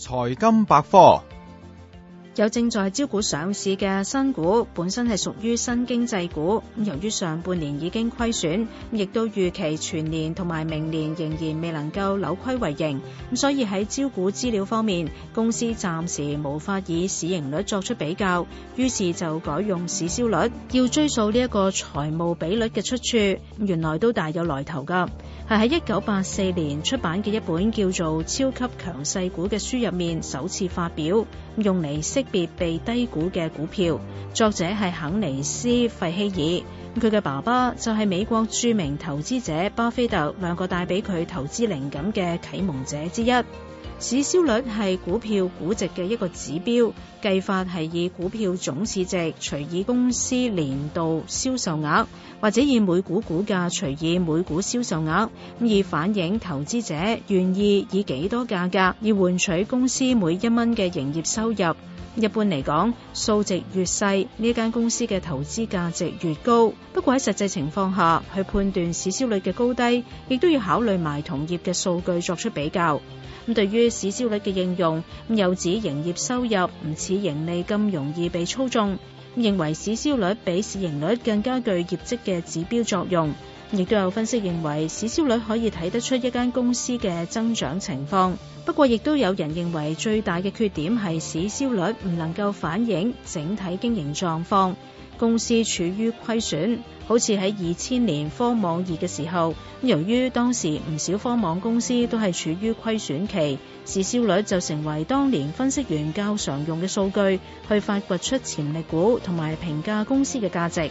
財經百科。有正在招股上市嘅新股，本身係屬於新經濟股。由於上半年已經虧損，亦都預期全年同埋明年仍然未能夠扭虧為盈。咁所以喺招股資料方面，公司暫時無法以市盈率作出比較，於是就改用市銷率。要追溯呢一個財務比率嘅出處，原來都大有來頭噶，係喺一九八四年出版嘅一本叫做《超級強勢股》嘅書入面首次發表，用嚟特別被低估嘅股票。作者係肯尼斯費希爾。佢嘅爸爸就係美國著名投資者巴菲特，兩個帶俾佢投資靈感嘅啟蒙者之一。市銷率係股票估值嘅一個指標，計法係以股票總市值除以公司年度銷售額，或者以每股股價除以每股銷售額，以反映投資者願意以幾多價格以換取公司每一蚊嘅營業收入。一般嚟講，數值越細，呢間公司嘅投資價值越高。不過喺實際情況下，去判斷市銷率嘅高低，亦都要考慮埋同業嘅數據作出比較。咁對於市銷率嘅應用，又指營業收入唔似盈利咁容易被操縱，認為市銷率比市盈率更加具業績嘅指標作用。亦都有分析認為市銷率可以睇得出一間公司嘅增長情況。不過亦都有人認為最大嘅缺點係市銷率唔能夠反映整體經營狀況。公司處於虧損，好似喺二千年科網二嘅時候，咁由於當時唔少科網公司都係處於虧損期，市銷率就成為當年分析員較常用嘅數據，去發掘出潛力股同埋評價公司嘅價值。